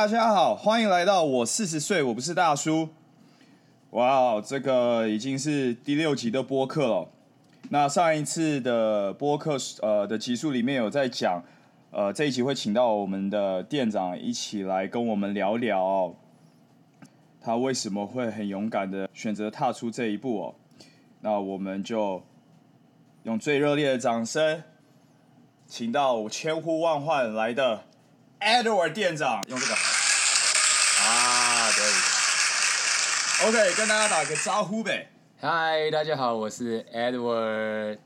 大家好，歡迎來到我四十歲我不是大叔。哇、wow，這個已經是第六集的播客了。那上一次的播客呃的集數裡面有在講，呃這一集會請到我們的店長一起來跟我們聊聊哦，他為什麼會很勇敢的選擇踏出這一步哦。那我們就用最熱烈的掌聲，請到千呼萬喚來的 Edward 店長，用這個。OK，跟大家打個招呼唄。Hi，大家好，我是 Edward。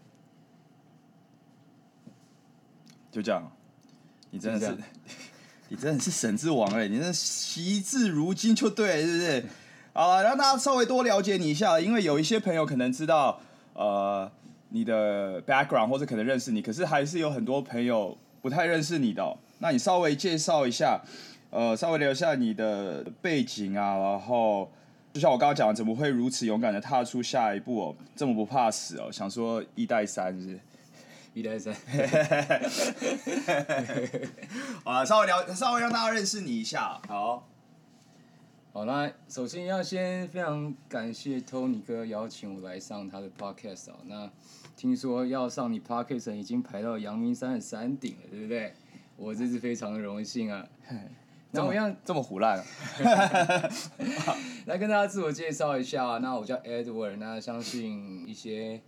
就這樣，你真的是， 你真的是神之王哎！你真的，惜字如金，就對，是不是？好， 讓大家稍微多了解你一下，因為有一些朋友可能知道呃你的 background，或者可能認識你，可是還是有很多朋友不太認識你的哦。那你稍微介紹一下。呃，稍微聊一下你的背景啊，然後就像我剛剛講，怎麼會如此勇敢的踏出下一步哦，這麼不怕死哦？想說一帶三，是不是？一帶三，哈 啊， 稍微聊，稍微讓大家認識你一下。好，好啦，那首先要先非常感謝 Tony 哥邀請我來上他的 Podcast 哦。那聽說要上你 Podcast 已經排到陽明山的山頂了，對不對？我真是非常的榮幸啊。 怎麼樣？這麼唬爛，啊、 來跟大家自我介紹一下，啊,那我叫 Edward，那相信一些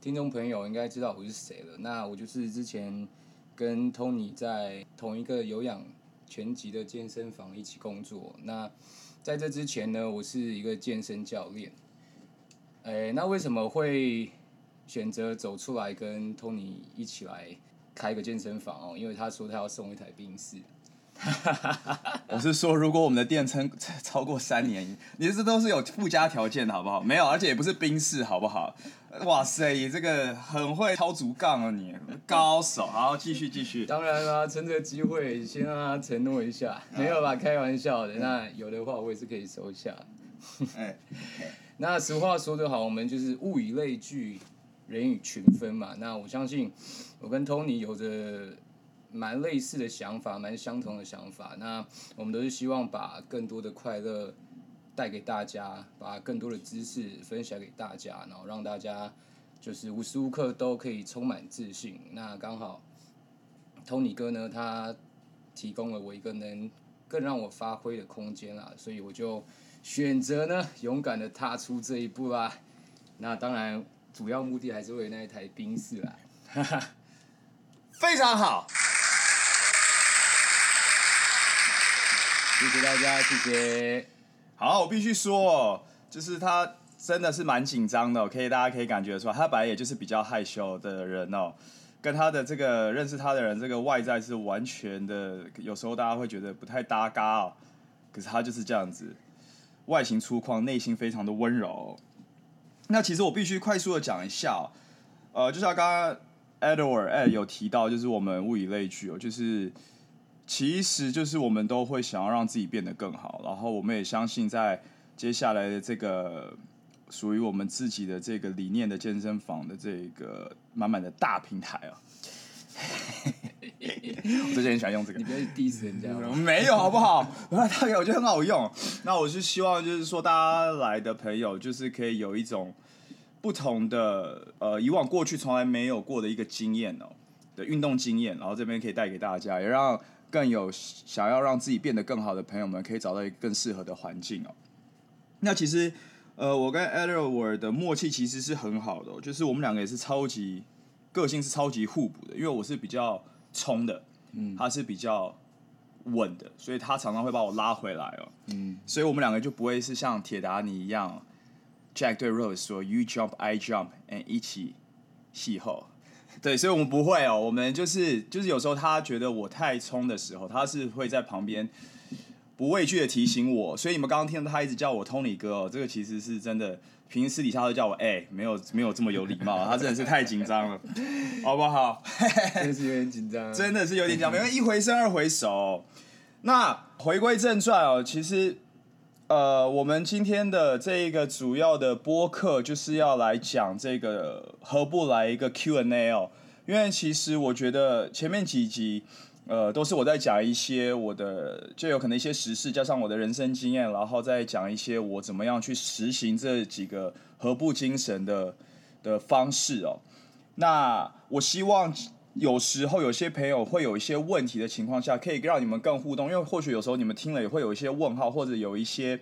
聽眾朋友應該知道我是誰了。那我就是之前跟 Tony 在同一個有氧全集的健身房一起工作。那在這之前呢，我是一個健身教練。哎，欸，那為什麼會選擇走出來跟 Tony 一起來開個健身房哦，喔？因為他說他要送一台冰室。 我是說，如果我們的電撐超過三年，你這都是有附加條件的好不好？沒有，而且也不是冰室好不好？哇塞，你這個很會超足槓啊你，高手！好，繼續繼續。當然啦、啊，趁這個機會先讓他承諾一下，沒有吧？開玩笑的。嗯、那有的話，我也是可以收下。 那俗話說得好，我們就是物以類聚，人以群分嘛。那我相信，我跟 Tony 有着。蠻類似的想法，蠻相同的想法。那我們都是希望把更多的快樂帶給大家，把更多的知識分享給大家，然後讓大家就是無時無刻都可以充滿自信。那剛好 Tony 哥呢，他提供了我一個能更讓我發揮的空間啊，所以我就選擇呢，勇敢的踏出這一步啦。那當然，主要目的還是為那一台賓士哈， 非常好。謝謝大家，謝謝。好，我必須說，就是他真的是蠻緊張的，可以大家可以感覺得出來。他本來也就是比較害羞的人哦，跟他的這個認識他的人，這個外在是完全的，有時候大家會覺得不太搭嘎哦。可是他就是這樣子，外形粗獷，內心非常的溫柔。那其實我必須快速的講一下哦，呃，就像剛剛 Edward Ed 有提到，就是我們物以類聚哦，就是。其實就是我們都會想要讓自己變得更好，然後我們也相信在接下來的這個屬於我們自己的這個理念的健身房的這個滿滿的大平台啊， 我之前很喜歡用這個，你不要第一次人家好不好沒有好不好？ 我他給我覺得很好用。那我是希望就是說大家來的朋友就是可以有一種不同的呃以往過去從來沒有過的一個經驗哦的運動經驗，然後這邊可以帶給大家，也讓，更有想要讓自己變得更好的朋友們，可以找到一個更適合的環境哦。那其實，呃，我跟 Edward 的默契其實是很好的，哦，就是我們兩個也是超級個性，是超級互補的。因為我是比較衝的，嗯，他是比較穩的，嗯，所以他常常會把我拉回來哦，嗯，所以我們兩個就不會是像鐵達尼一樣，Jack 對 Rose 說：“You jump, I jump，and 一起邂逅。”對，所以我們不會哦。我們就是就是有時候他覺得我太衝的時候，他是會在旁邊不畏懼的提醒我。所以你們剛剛聽到他一直叫我 Tony 哥哦，這個其實是真的。平時私底下都叫我哎、欸，沒有沒有這麼有禮貌。他真的是太緊張了， 好不好？ 真的是有點緊張，真的是有點緊張，因為一回生二回熟。那回歸正傳哦，其實。呃，我們今天的這一個主要的播客就是要來講這個何不來一個 Q&A 哦？因為其實我覺得前面幾集，呃，都是我在講一些我的，就有可能一些時事，加上我的人生經驗，然後再講一些我怎麼樣去實行這幾個何不精神的的方式哦。那我希望，有時候有些朋友會有一些問題的情況下，可以讓你們更互動，因為或許有時候你們聽了也會有一些問號，或者有一些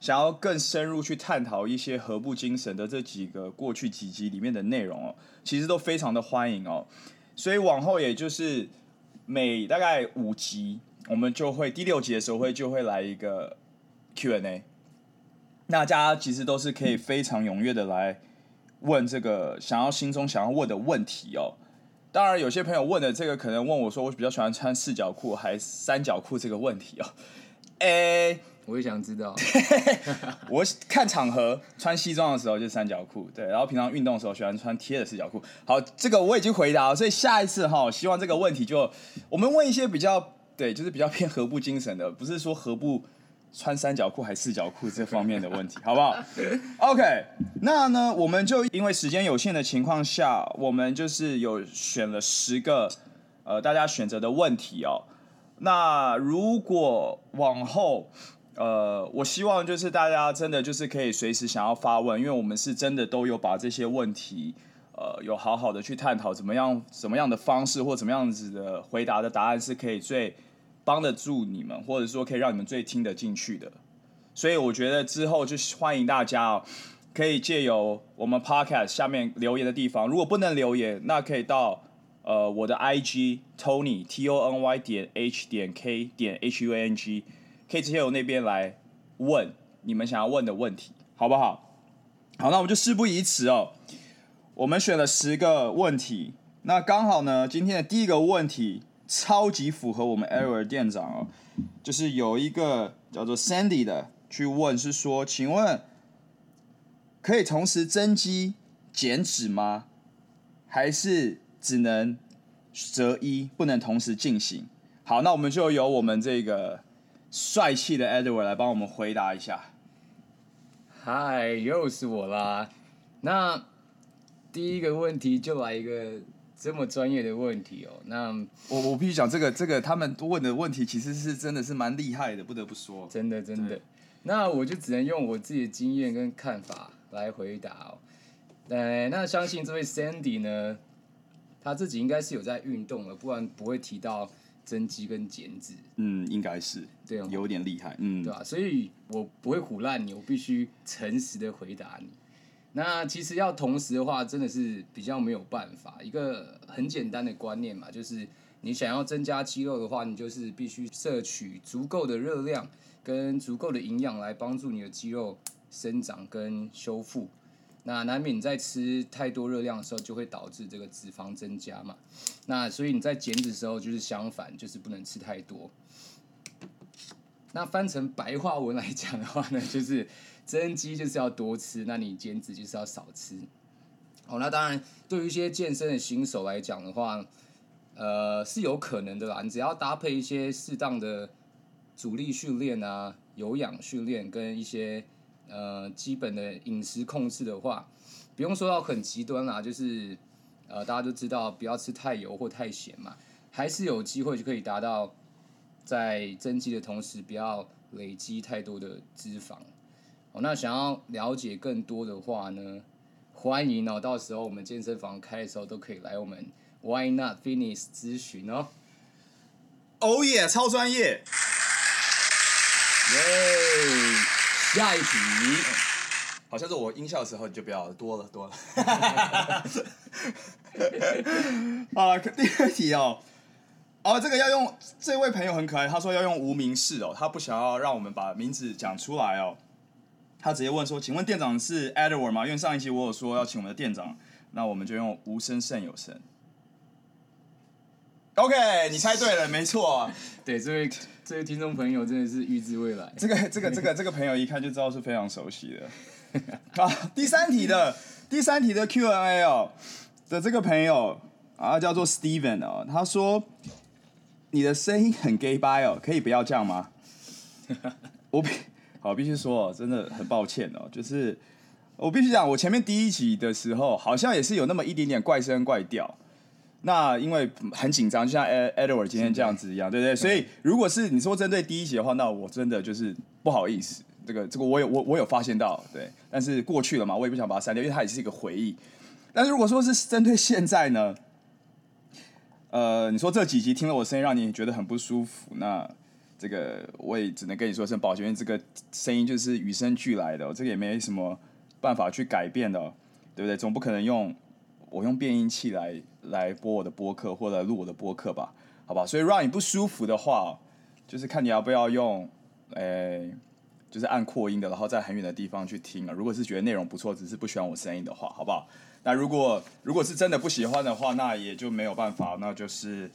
想要更深入去探討一些何不精神的這幾個過去幾集裡面的內容哦，其實都非常的歡迎哦。所以往後也就是每大概五集，我們就會第六集的時候就會就會來一個 Q&A，那大家其實都是可以非常踴躍的來問這個想要心中想要問的問題哦。當然，有些朋友問的這個可能問我說，我比較喜歡穿四角褲還是三角褲這個問題哦。哎、欸，我也想知道。 我看場合，穿西裝的時候就三角褲，對，然後平常運動的時候喜歡穿貼的四角褲。好，這個我已經回答了，所以下一次哈、哦，我希望這個問題就我們問一些比較對，就是比較偏何不精神的，不是說何不穿三角褲還是四角褲這方面的問題， 好不好？OK，那呢，我們就因為時間有限的情況下，我們就是有選了十個呃大家選擇的問題哦。那如果往後，呃，我希望就是大家真的就是可以隨時想要發問，因為我們是真的都有把這些問題呃有好好的去探討，怎麼樣怎麼樣的方式或怎麼樣子的回答的答案是可以最。幫得住你們，或者說可以讓你們最聽得進去的，所以我覺得之後就歡迎大家哦，可以借由我們 podcast 下面留言的地方，如果不能留言，那可以到呃我的 IG Tony T O N Y 點 H 點 K 點 H U N G，可以直接由那邊來問你們想要問的問題，好不好？好，那我們就事不宜遲哦，我們選了十個問題，那剛好呢，今天的第一個問題。超級符合我們 Edward 店長哦，就是有一個叫做 Sandy 的去問，是說，請問可以同時增肌減脂嗎？還是只能擇一，不能同時進行？好，那我們就由我們這個帥氣的 Edward 來幫我們回答一下。嗨，又是我啦。那第一個問題就來一個。這麼專業的問題哦，那我我必須講這個這個他們問的問題其實是真的是蠻厲害的，不得不說。真的真的，那我就只能用我自己的經驗跟看法來回答哦、呃。那相信這位 Sandy 呢，他自己應該是有在運動了，不然不會提到增肌跟減脂。嗯，應該是對、哦，有點厲害，嗯，對吧、啊？所以我不會唬爛你，我必須誠實的回答你。那其實要同時的話，真的是比較沒有辦法。一個很簡單的觀念嘛，就是你想要增加肌肉的話，你就是必須攝取足夠的熱量跟足夠的營養來幫助你的肌肉生長跟修復。那難免你在吃太多熱量的時候，就會導致這個脂肪增加嘛。那所以你在減脂的時候，就是相反，就是不能吃太多。那翻成白話文來講的話呢，就是。增肌就是要多吃，那你減脂就是要少吃。好，oh，那當然對於一些健身的新手來講的話，呃，是有可能的啦。你只要搭配一些適當的阻力訓練啊、有氧訓練跟一些呃基本的飲食控制的話，不用說要很極端啦，就是呃大家都知道不要吃太油或太鹹嘛，還是有機會就可以達到在增肌的同時不要累積太多的脂肪。那想要了解更多的話呢，歡迎哦，到時候我們健身房開的時候都可以來我們 Why Not Fitness 諮詢哦。Oh yeah，超專業。耶、yeah，下一題、嗯，好像是我音效的時候你就比較多了多了。多了多了 啊，第二題哦，哦、啊，這個要用這位朋友很可愛，他說要用無名氏哦，他不想要讓我們把名字講出來哦。他直接問說：“請問店長是 Edward 嗎？因為上一期我有說要請我們的店長，那我們就用無聲勝有聲。”OK，你猜對了，沒錯，對這位這位聽眾朋友真的是預知未來。這個這個這個這個朋友一看就知道是非常熟悉的。好、 啊，第三題的第三題的 Q&A 哦的這個朋友啊叫做 Steven 哦，他說：“你的聲音很 gay 吧哦，可以不要這樣嗎？” 我。好，必須說，真的很抱歉哦。就是我必須講，我前面第一集的時候，好像也是有那麼一點點怪聲怪調。那因為很緊張，就像 Ed, Edward 今天這樣子一樣，對不對，對？所以，如果是你說針對第一集的話，那我真的就是不好意思。這個，這個，我有，我我有發現到，對。但是過去了嘛，我也不想把它刪掉，因為它也是一個回憶。但是如果說是針對現在呢？呃，你說這幾集聽了我聲音，讓你覺得很不舒服，那？這個我也只能跟你說聲，是抱歉，這個聲音就是與生俱來的，這個也沒什麼辦法去改變的，對不對？總不可能用我用變音器來來播我的播客或者錄我的播客吧？好吧，所以讓你不舒服的話，就是看你要不要用，誒，就是按擴音的，然後在很遠的地方去聽啊。如果是覺得內容不錯，只是不喜歡我聲音的話，好不好？那如果如果是真的不喜歡的話，那也就沒有辦法，那就是。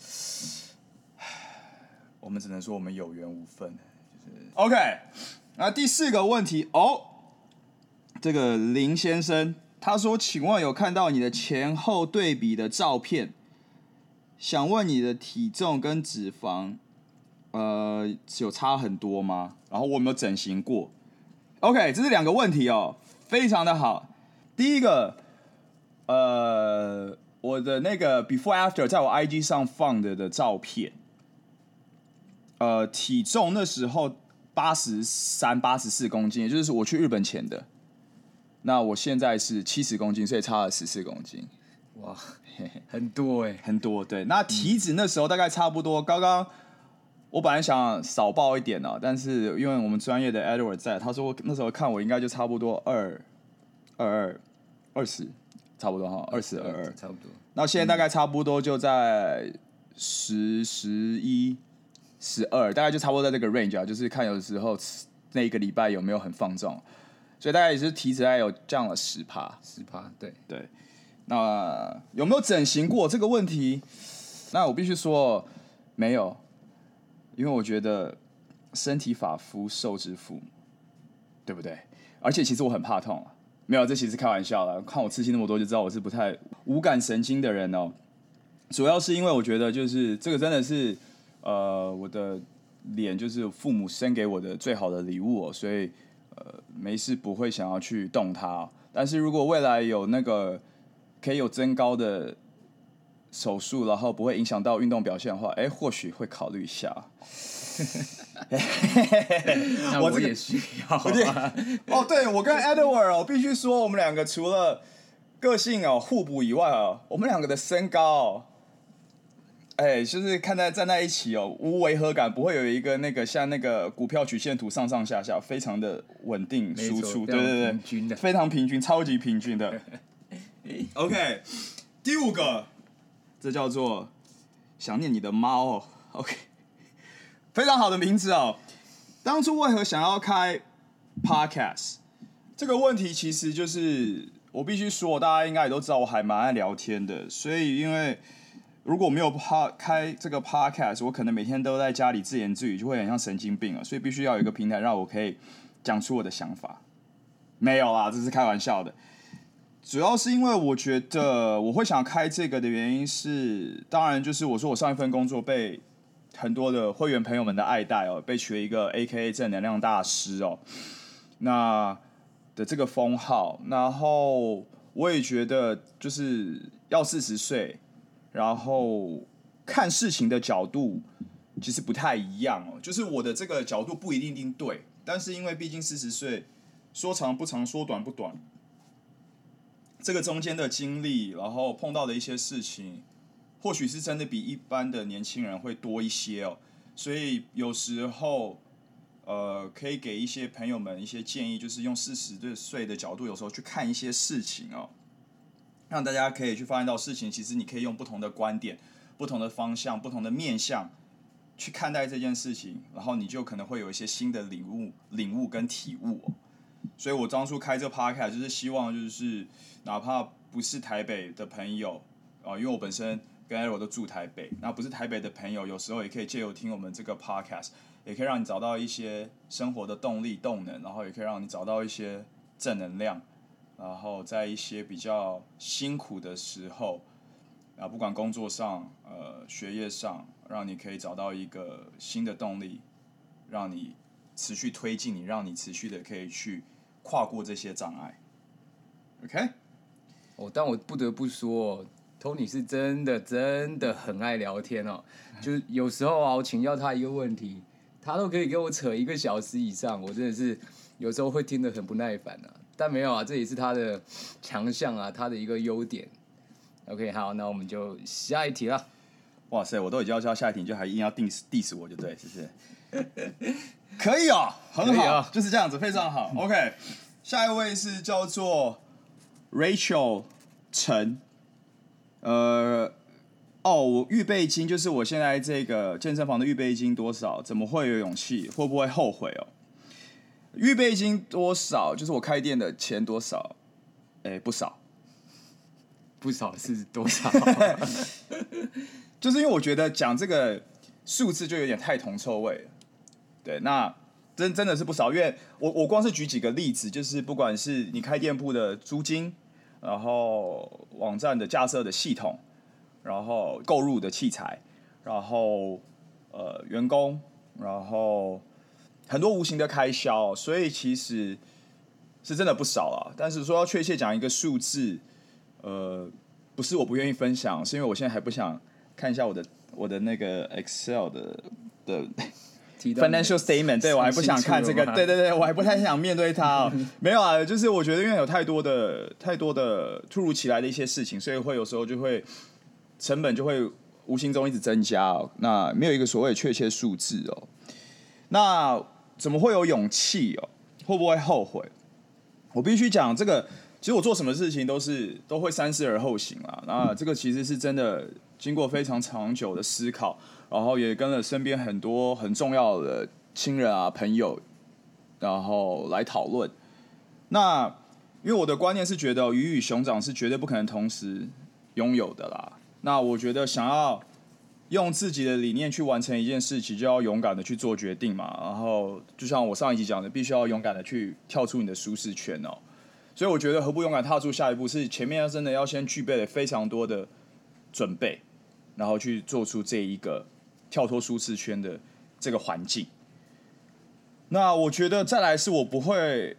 我們只能說我們有緣無分，就是 ……OK，那第四個問題哦，這個林先生他說，請問有看到你的前後對比的照片？想問你的體重跟脂肪，呃，有差很多嗎？然後我有沒有整形過？OK，這是兩個問題哦，非常的好。第一個，呃，我的那個 Before After 在我 IG 上放着的，的照片。呃，體重那時候八十三、八十四公斤，也就是我去日本前的。那我現在是七十公斤，所以差了十四公斤。哇， 很多哎、欸，很多，對。那體脂那時候大概差不多，剛剛我本來想少報一點啊，但是因為我們專業的 Edward 在，他說那時候看我應該就差不多二二二二十，差不多哈，二十二二差不多。那現在大概差不多就在十十一。10, 11, 十二，大概就差不多在這個 range 啊，就是看有時候那一個禮拜有沒有很放縱，所以大家也是提起來有降了十趴，十趴，對對。那有沒有整形過這個問題？那我必須說沒有，因為我覺得身體髮膚受之父母，對不對？而且其實我很怕痛，沒有，這其實開玩笑了，看我刺青那麼多就知道我是不太無感神經的人哦、喔。主要是因為我覺得就是這個真的是。呃，我的臉就是父母生給我的最好的禮物、哦，所以、呃、沒事不會想要去動它、哦。但是如果未來有那個可以有增高的手術，然後不會影響到運動表現的話，哎，或許會考慮一下。 我，這個、 那我也需要、啊這個。哦，對，我跟 Edward，我、哦、必須說，我們兩個除了個性哦互補以外、哦、我們兩個的身高、哦。哎，就是看在站在一起哦，無違和感，不會有一個那個像那個股票曲線圖上上下下，非常的穩定輸出，對對對，平均的，非常平均，超級平均的。 OK， 第五個，這叫做想念你的貓哦。OK，非常好的名字哦。當初為何想要開 Podcast？嗯，這個問題其實就是我必須說，大家應該也都知道，我還蠻愛聊天的，所以因為。如果沒有趴開這個 podcast，我可能每天都在家裡自言自語，就會很像神經病啊，所以必須要有一個平台讓我可以講出我的想法。沒有啦，這是開玩笑的。主要是因為我覺得我會想開這個的原因是，當然就是我說我上一份工作被很多的會員朋友們的愛戴哦、喔，被取了一個 AKA 正能量大師哦、喔，那的這個封號。然後我也覺得就是要四十歲。然後看事情的角度其實不太一樣哦，就是我的這個角度不一定定對，但是因為畢竟四十歲，說長不長，說短不短，這個中間的經歷，然後碰到的一些事情，或許是真的比一般的年輕人會多一些哦，所以有時候呃，可以給一些朋友們一些建議，就是用四十歲的角度，有時候去看一些事情哦。讓大家可以去發現到事情，其實你可以用不同的觀點、不同的方向、不同的面向去看待這件事情，然後你就可能會有一些新的領悟、領悟跟體悟、哦。所以我當初開這個 podcast 就是希望，就是哪怕不是台北的朋友，啊、呃，因為我本身跟 Arrow 都住台北，那不是台北的朋友，有時候也可以借由聽我們這個 podcast，也可以讓你找到一些生活的動力、動能，然後也可以讓你找到一些正能量。然後在一些比較辛苦的時候，啊，不管工作上、呃，學業上，讓你可以找到一個新的動力，讓你持續推進你，讓你持續的可以去跨過這些障礙。OK，哦，但我不得不說，Tony 是真的真的很愛聊天哦，就有時候啊，我請教他一個問題，他都可以給我扯一個小時以上，我真的是有時候會聽得很不耐煩啊。但沒有啊，這也是他的強項啊，他的一個優點。OK，好，那我們就下一題了。哇塞，我都已經要叫下一題，你就還一定要 diss diss 我就對，是不是？ 可、哦？可以哦，很好，啊，就是這樣子，非常好。 OK，下一位是叫做 Rachel 陳。呃，哦，我預備金就是我現在這個健身房的預備金多少？怎麼會有勇氣？會不會後悔哦？預備金多少？就是我開店的錢多少？哎、欸，不少，不少是多少？ 就是因為我覺得講這個數字就有點太銅臭味了。對，那真真的是不少，因為我我光是舉幾個例子，就是不管是你開店鋪的租金，然後網站的架設的系統，然後購入的器材，然後呃員工，然後。很多無形的開銷，所以其實是真的不少啊。但是說要確切講一個數字，呃，不是我不願意分享，是因為我現在還不想看一下我的我的那個 Excel 的，的 financial statement 對。對我還不想看這個，對對對，我還不太想面對它，喔。 沒有啊，就是我覺得因為有太多的太多的突如其來的一些事情，所以會有時候就會成本就會無形中一直增加哦，喔。那沒有一個所謂的確切數字哦，喔。那怎麼會有勇氣哦？會不會後悔？我必須講這個，其實我做什麼事情都是都會三思而後行啦。那這個其實是真的，經過非常長久的思考，然後也跟了身邊很多很重要的親人啊、朋友，然後來討論。那因為我的觀念是覺得魚與熊掌是絕對不可能同時擁有的啦。那我覺得想要。用自己的理念去完成一件事情，就要勇敢的去做決定嘛。然後，就像我上一集講的，必須要勇敢的去跳出你的舒適圈哦。所以我覺得何不勇敢踏出下一步？是前面要真的要先具備了非常多的準備，然後去做出這一個跳脫舒適圈的這個環境。那我覺得再來是我不會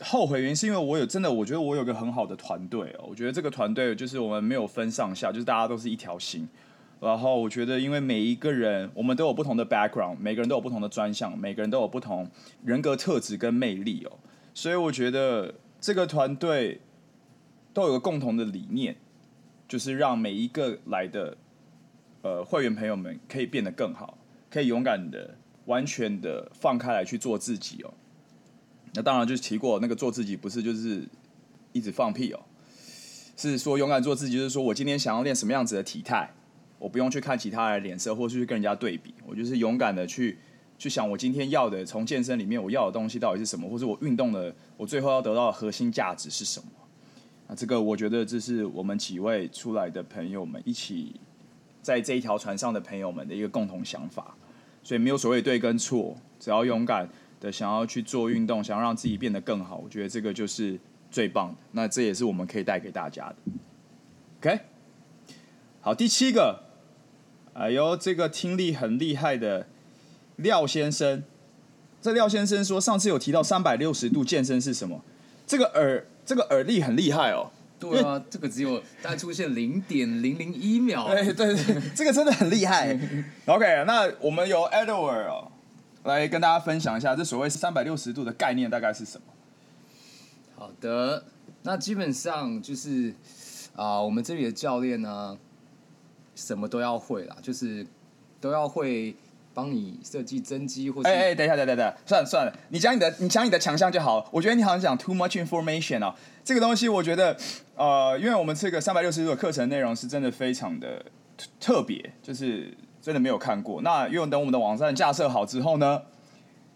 後悔，原因是因為我有真的，我覺得我有個很好的團隊哦。我覺得這個團隊就是我們沒有分上下，就是大家都是一條心。然後我覺得，因為每一個人，我們都有不同的 background，每個人都有不同的專項，每個人都有不同人格特質跟魅力哦。所以我覺得這個團隊都有個共同的理念，就是讓每一個來的呃會員朋友們可以變得更好，可以勇敢的、完全的放開來去做自己哦。那當然就是提過那個做自己，不是就是一直放屁哦，是說勇敢做自己，就是說我今天想要練什麼樣子的體態。我不用去看其他人的臉色，或是去跟人家對比，我就是勇敢的去去想，我今天要的從健身裡面我要的東西到底是什麼，或是我運動的我最後要得到的核心價值是什麼？那這個我覺得這是我們幾位出來的朋友們一起在這一條船上的朋友們的一個共同想法，所以沒有所謂對跟錯，只要勇敢的想要去做運動，想要讓自己變得更好，我覺得這個就是最棒的。那這也是我們可以帶給大家的。OK，好，第七個。哎呦，這個聽力很厲害的廖先生，這廖先生說上次有提到三百六十度健身是什麼？這個耳這個耳力很厲害哦。對啊，這個只有大概出現零點零零一秒。對對、對這個真的很厲害。 OK，那我們由 Edward、哦、來跟大家分享一下這所謂三百六十度的概念大概是什麼。好的，那基本上就是啊、呃，我們這裡的教練呢，什麼都要會啦，就是都要會幫你設計增肌或是……哎、欸、哎、欸，等一下，等等等，算了算了，算了，你講你的，你講你的強項就好了。我覺得你好像講 too much information 啊，這個東西我覺得呃，因為我們這個三百六十度的課程的內容是真的非常的特別，就是真的沒有看過。那因為等我們的網站架設好之後呢，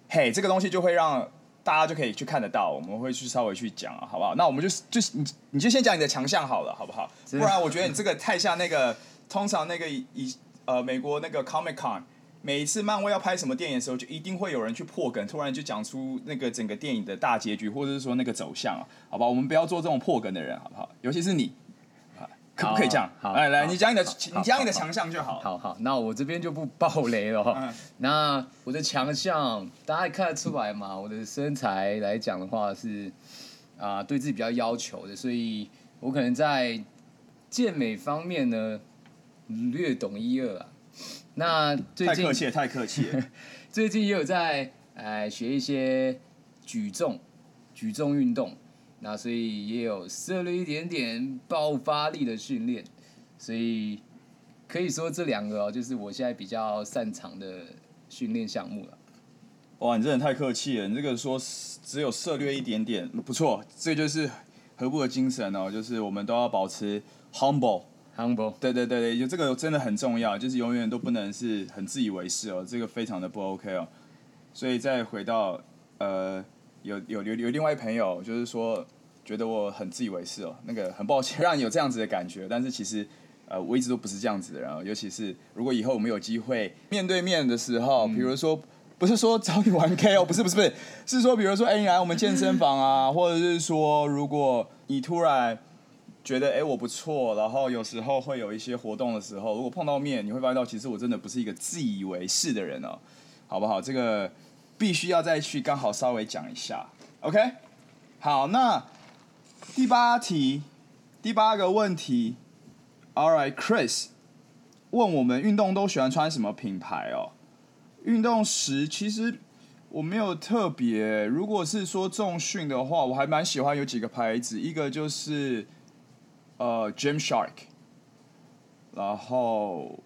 嘿，這個東西就會讓大家就可以去看得到。我們會去稍微去講啊，好不好？那我們就就是你你就先講你的強項好了，好不好？不然我覺得你這個太像那個。 通常那個以，以呃美國那個 Comic Con，每一次漫威要拍什麼電影的時候，就一定會有人去破梗，突然就講出那個整個電影的大結局，或者是說那個走向啊。好吧，我們不要做這種破梗的人，好不好？尤其是你可不可以這樣？好、啊、好來，好來好，你講你的，你講你的強項就好，好。好，好，那我這邊就不爆雷了。 嗯、那我的強項，大家也看得出來嘛？我的身材來講的話是、呃、對自己比較要求的，所以我可能在健美方面呢。略懂一二啊，那最近太客氣了，太客氣了。 最近也有在哎學一些舉重，舉重運動，那所以也有涉獵一點點爆發力的訓練，所以可以說這兩個、哦、就是我現在比較擅長的訓練項目了。哇，你真的太客氣了，你這個說只有涉獵一點點，不錯，這就是何不的精神哦，就是我們都要保持 humble。Humble，對對對對，就這個真的很重要，就是永遠都不能是很自以為是哦，這個非常的不 OK 哦。所以再回到呃，有有有有另外一朋友就是說覺得我很自以為是哦，那個很抱歉讓你有這樣子的感覺，但是其實呃我一直都不是這樣子的人，尤其是如果以後我們有機會面對面的時候，嗯、比如說不是說找你玩 K 哦，不是不是不是，是說比如說哎、欸、你來我們健身房啊， 或者是說如果你突然。覺得哎、欸，我不錯。然後有時候會有一些活動的時候，如果碰到面，你會發現到其實我真的不是一個自以為是的人哦，好不好？這個必須要再去，剛好稍微講一下。OK，好，那第八題，第八個問題。All right，Chris，問我們運動都喜歡穿什麼品牌哦？運動時其實我沒有特別，如果是說重訓的話，我還蠻喜歡有幾個牌子，一個就是。呃，Gym Shark，然後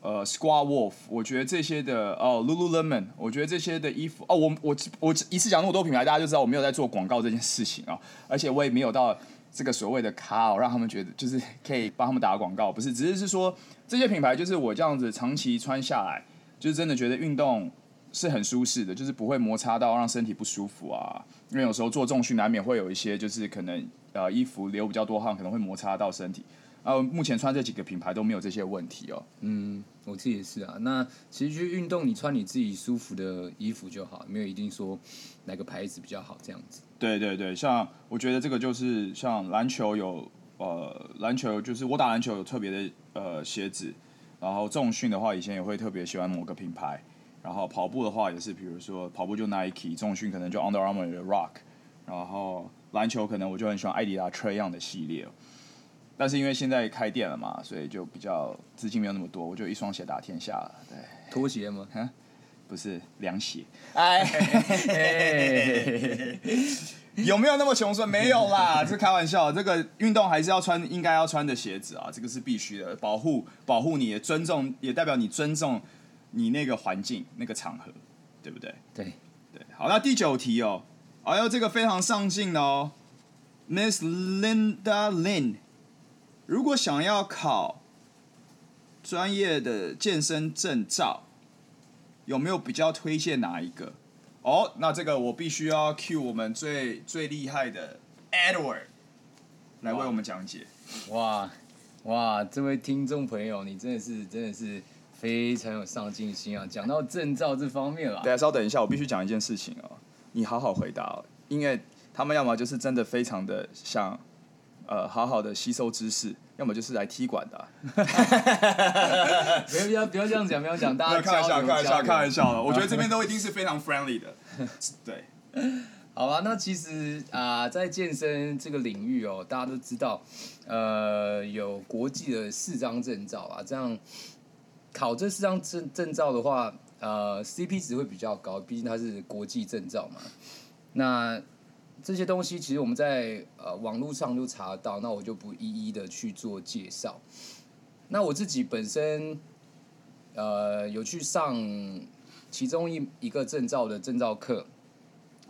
呃，Squat Wolf，我覺得這些的哦，Lululemon，我覺得這些的衣服哦，我我我一次講那麼多品牌，大家就知道我沒有在做廣告這件事情啊、哦，而且我也沒有到這個所謂的卡哦，讓他們覺得就是可以幫他們打廣告，不是，只是是說這些品牌就是我這樣子長期穿下來，就是真的覺得運動是很舒適的，就是不會摩擦到讓身體不舒服啊，因為有時候做重訓難免會有一些就是可能。呃、啊，衣服流比較多汗，可能會摩擦到身體。呃、啊，目前穿這幾個品牌都沒有這些問題哦。嗯，我自己也是啊。那其實去運動，你穿你自己舒服的衣服就好，沒有一定說哪個牌子比較好這樣子。對對對，像我覺得這個就是像籃球有呃，籃球就是我打籃球有特別的呃鞋子，然後重訓的話以前也會特別喜歡某個品牌，然後跑步的話也是，比如說跑步就 Nike，重訓可能就 Under Armour 的 Rock，然後。籃球可能我就很喜歡艾迪達車一 a 的系列，但是因為現在開店了嘛，所以就比較資金沒有那麼多，我就一雙鞋打天下了。拖鞋嗎？不是涼鞋。哎， 哎哎哎哎 有沒有那麼窮說沒有啦， 是開玩笑。這個運動還是要穿應該要穿的鞋子啊，這個是必須的，保護保護你，尊重也代表你尊重你那個環境那個場合，對不對對,對，好，那第九題哦。還、哦、有這個非常上進的哦，Miss Linda Lin，如果想要考專業的健身證照，有沒有比較推薦哪一個？哦，那這個我必須要 cue 我們最最厲害的 Edward 來為我們講解。哇哇，這位聽眾朋友，你真的是真的是非常有上進心啊！講到證照這方面了，大家、啊、稍等一下，我必須講一件事情哦。你好好回答，哦，因為他們要麼就是真的非常的想，呃，好好的吸收知識，要麼就是來踢館的、啊 沒有。不要不要這樣講，不要講， 大家開玩笑開玩笑，開玩笑了。我覺得這邊都一定是非常 friendly 的， 對。好吧，那其實啊、呃，在健身這個領域哦，大家都知道，呃，有國際的四張證照啊，這樣考這四張證證照的話。呃，CP 值會比較高，畢竟它是國際證照嘛。那這些東西其實我們在呃網絡上都查得到，那我就不一一的去做介紹。那我自己本身呃有去上其中一一個證照的證照課，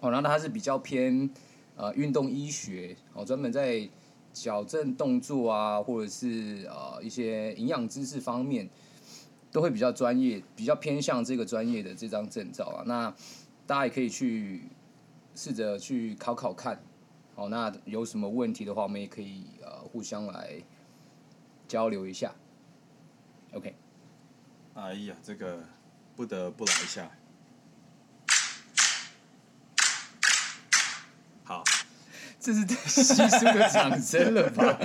哦，然後它是比較偏呃運動醫學，哦，專門在矯正動作啊，或者是呃一些營養知識方面。都會比較專業，比較偏向這個專業的這張證照啊。那大家也可以去試着去考考看，好，那有什麼問題的話，我們也可以呃互相來交流一下。OK。哎呀，這個不得不來一下。好。這是太稀疏的掌聲了吧？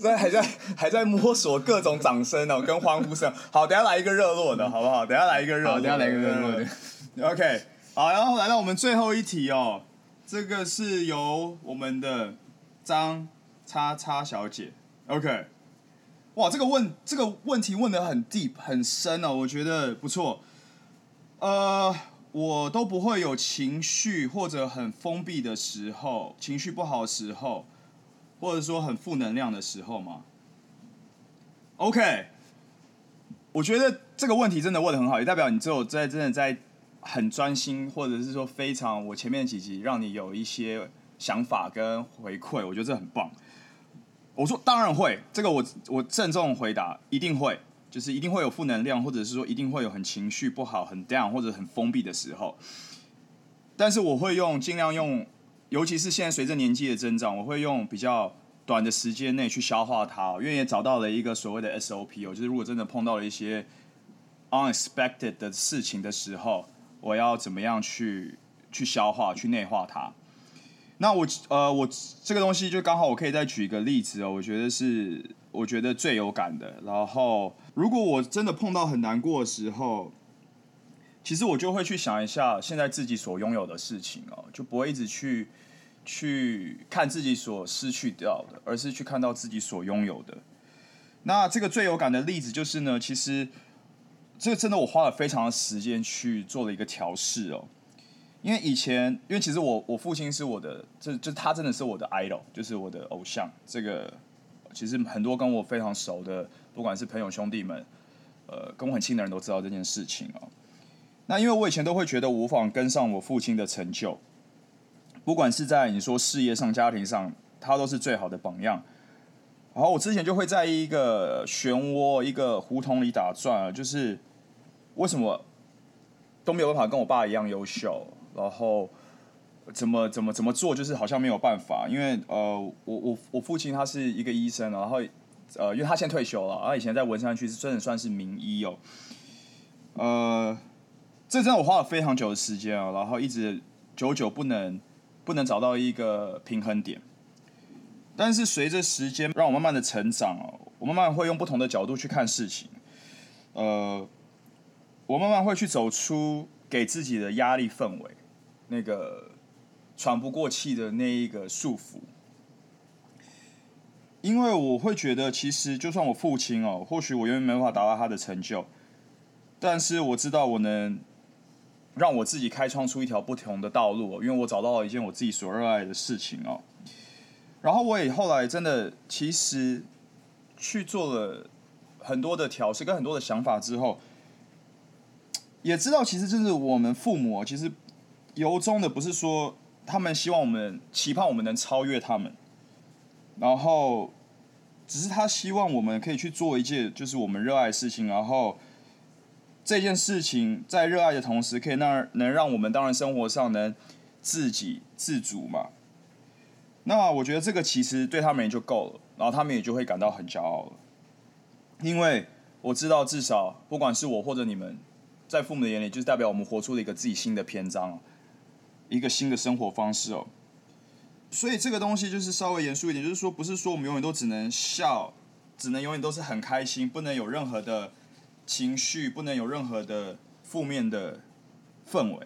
在 還在還在摸索各種掌聲哦、喔，跟歡呼聲。好，等下來一個熱絡的、嗯、好不好？等下來一個熱，等下來一個熱絡，絡的。OK，好，然後來到我們最後一題哦、喔。這個是由我們的張叉叉小姐。OK，哇，這個問這個問題問得很 deep 很深哦、喔，我覺得不錯。呃。我都不會有情緒或者很封閉的時候，情緒不好的時候，或者說很負能量的時候嘛。OK，我覺得這個問題真的問得很好，也代表你只有在真的在很專心，或者是說非常，我前面幾集讓你有一些想法跟回饋，我覺得這很棒。我說當然會，這個我我鄭重回答，一定會。就是一定會有負能量，或者是說一定會有很情緒不好、很 down 或者很封閉的時候。但是我會用儘量用，尤其是現在隨着年紀的增長，我會用比較短的時間內去消化它，因為也找到了一個所謂的 SOP。哦，就是如果真的碰到了一些 unexpected 的事情的時候，我要怎麼樣去去消化、去內化它？那我呃，我這個東西就剛好我可以再舉一個例子哦，我覺得是。我覺得最有感的，然後如果我真的碰到很難過的時候，其實我就會去想一下現在自己所擁有的事情哦，就不會一直去去看自己所失去掉的，而是去看到自己所擁有的。那這個最有感的例子就是呢，其實這個真的我花了非常的時間去做了一個調試哦，因為以前，因為其實我我父親是我的，這就是、他真的是我的 idol，就是我的偶像這個。其實很多跟我非常熟的，不管是朋友兄弟們，呃，跟我很親的人都知道這件事情啊、哦。那因為我以前都會覺得無法跟上我父親的成就，不管是在你說事業上、家庭上，他都是最好的榜樣。然後我之前就會在一個漩渦、一個胡同裡打轉，就是為什麼都沒有辦法跟我爸一樣優秀，然後。怎麼怎麼怎麼做，就是好像沒有辦法，因為呃，我我我父親他是一個醫生，然後呃，因為他現在退休了，然後以前在文山區算是真的算是名醫哦。呃，這真的我花了非常久的時間啊、哦，然後一直久久不能不能找到一個平衡點。但是隨着時間，讓我慢慢的成長哦，我慢慢會用不同的角度去看事情。呃，我慢慢會去走出給自己的壓力氛圍，那個。喘不過氣的那一個束縛，因為我會覺得，其實就算我父親哦，或許我永遠沒辦法達到他的成就，但是我知道我能讓我自己開創出一條不同的道路、喔，因為我找到了一件我自己所熱愛的事情哦、喔。然後我也後來真的，其實去做了很多的調適跟很多的想法之後，也知道其實就是我們父母其實由衷的不是說。他們希望我們期盼我們能超越他們，然後只是他希望我們可以去做一件就是我們熱愛的事情，然後這件事情在熱愛的同時，可以讓能讓我們當然生活上能自給自足嘛。那我覺得這個其實對他們也就夠了，然後他們也就會感到很驕傲了，因為我知道至少不管是我或者你們，在父母的眼裡，就是代表我們活出了一個自己新的篇章一個新的生活方式哦，所以這個東西就是稍微嚴肅一點，就是說不是說我們永遠都只能笑，只能永遠都是很開心，不能有任何的情緒，不能有任何的負面的氛圍，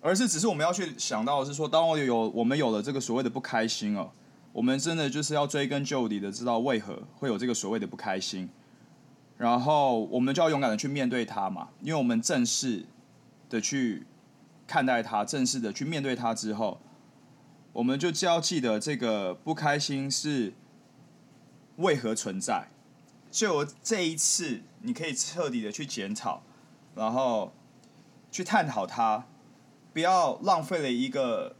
而是只是我們要去想到的是說，當我有我們有了這個所謂的不開心哦，我們真的就是要追根究底的知道為何會有這個所謂的不開心，然後我們就要勇敢的去面對它嘛，因為我們正式的去。看待它，正式的去面對它之後，我們就就要記得這個不開心是為何存在。所以我這一次，你可以徹底的去檢討，然後去探討它，不要浪費了一個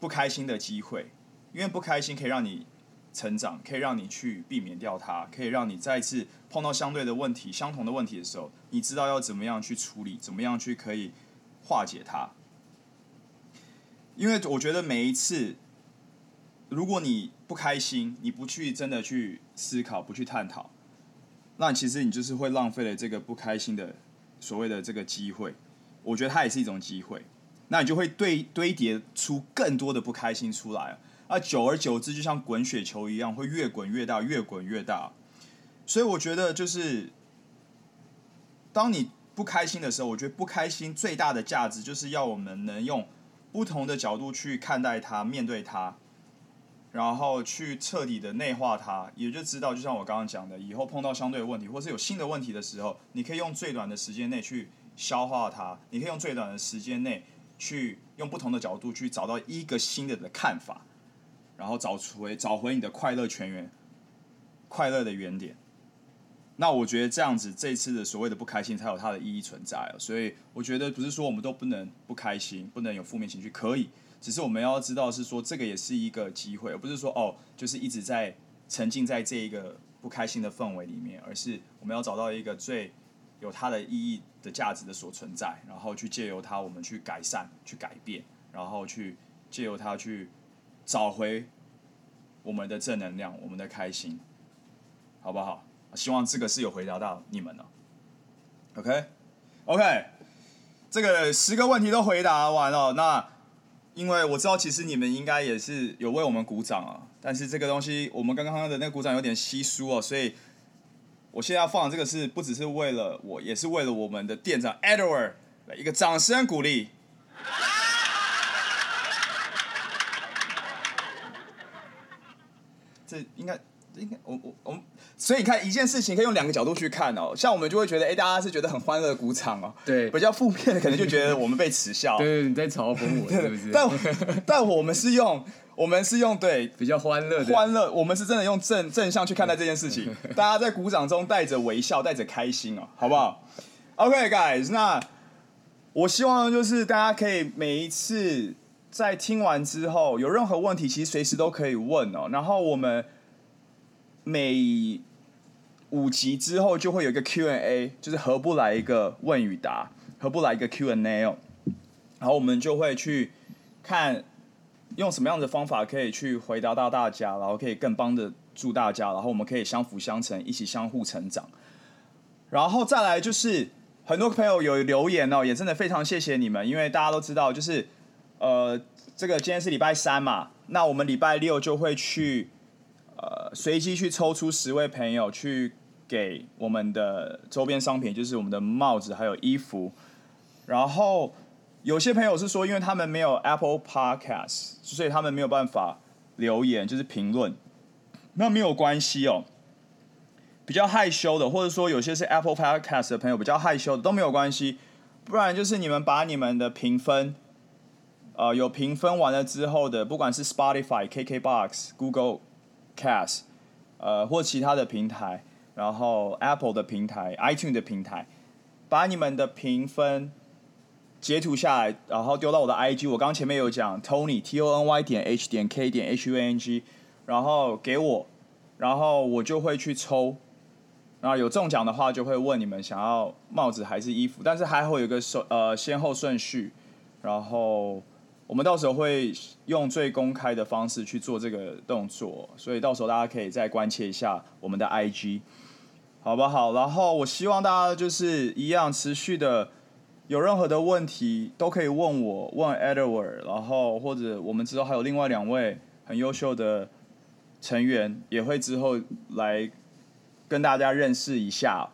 不開心的機會，因為不開心可以讓你成長，可以讓你去避免掉它，可以讓你再次碰到相對的問題、相同的問題的時候，你知道要怎麼樣去處理，怎麼樣去可以。化解它，因為我覺得每一次，如果你不開心，你不去真的去思考，不去探討，那其實你就是會浪費了這個不開心的所謂的這個機會。我覺得它也是一種機會，那你就會堆堆疊出更多的不開心出來啊！那久而久之，就像滾雪球一樣，會越滾越大，越滾越大。所以我覺得就是，當你。不開心的時候，我覺得不開心最大的價值就是要我們能用不同的角度去看待它、面對它，然後去徹底的內化它，也就知道，就像我剛剛講的，以後碰到相對的問題，或是有新的問題的時候，你可以用最短的時間內去消化它，你可以用最短的時間內去用不同的角度去找到一個新的的看法，然後找回找回你的快樂泉源，快樂的原點。那我覺得這樣子，這一次的所謂的不開心才有它的意義存在，哦，所以我覺得不是說我們都不能不開心，不能有負面情緒，可以。只是我們要知道是說，這個也是一個機會，而不是說哦，就是一直在沉浸在這一個不開心的氛圍裡面，而是我們要找到一個最有它的意義的價值的所存在，然後去借由它，我們去改善、去改變，然後去借由它去找回我們的正能量、我們的開心，好不好？希望這個是有回答到你們了，OK，OK，、okay? okay, 這個十個問題都回答完了。那因為我知道，其實你們應該也是有為我們鼓掌啊。但是這個東西，我們剛剛的那個鼓掌有點稀疏哦、啊，所以我現在要放的這個是不只是為了我，也是為了我們的店長 Edward, 來一個掌聲鼓勵。 這應該。我我我們，所以你看一件事情可以用兩個角度去看哦。像我們就會覺得，哎、欸，大家是覺得很歡樂的鼓掌哦。對，比較負面的可能就覺得我們被恥笑。對，你在嘲諷我，是不是？但 但我們是用，我們是用對比較歡樂的歡樂，我們是真的用正正向去看待這件事情。 大家在鼓掌中帶着微笑，帶着開心哦，好不好 ？OK，guys，、okay, 那我希望就是大家可以每一次在聽完之後，有任何問題，其實隨時都可以問哦。然後我們。每五集之後就會有一個 Q&A，就是何不來一個問與答，何不來一個 Q&A 哦？然後我們就會去看用什麼樣的方法可以去回答到大家，然後可以更幫的助大家，然後我們可以相輔相成，一起相互成長。然後再來就是很多朋友有留言哦，也真的非常謝謝你們，因為大家都知道，就是呃，這個今天是禮拜三嘛，那我們禮拜六就會去。呃，隨機去抽出十位朋友去給我們的周邊商品，就是我們的帽子還有衣服。然後有些朋友是說，因為他們沒有 Apple Podcast，所以他們沒有辦法留言，就是評論。那沒有關係哦。比較害羞的，或者說有些是 Apple Podcast 的朋友比較害羞的都沒有關係。不然就是你們把你們的評分，呃，有評分完了之後的，不管是 Spotify、KK Box、Google。cast，呃，或其他的平台，然後 Apple 的平台，iTunes 的平台，把你們的評分截圖下來，然後丟到我的 IG，我剛前面有講 Tony T O N Y 點 H 點 K 點 H U N G，然後給我，然後我就會去抽，然後有中獎的話就會問你們想要帽子還是衣服，但是還會有個順，呃，先後順序，然後。我們到時候會用最公開的方式去做這個動作，所以到時候大家可以再關切一下我們的 IG，好不好？然後我希望大家就是一樣持續的有任何的問題都可以問我，問 Edward，然後或者我們之後還有另外兩位很優秀的成員也會之後來跟大家認識一下，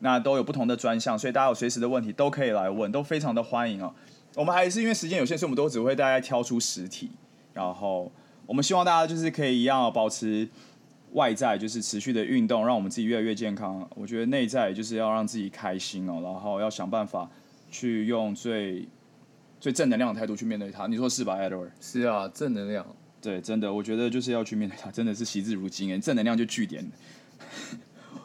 那都有不同的專項，所以大家有隨時的問題都可以來問，都非常的歡迎哦。我們還是因為時間有限，所以我們都只會大概挑出十題。然後我們希望大家就是可以一樣保持外在，就是持續的運動，讓我們自己越來越健康。我覺得內在就是要讓自己開心哦，然後要想辦法去用最最正能量的態度去面對他。你說是吧，Edward？是啊，正能量。對，真的，我覺得就是要去面對他，真的是惜字如金哎，正能量就聚點。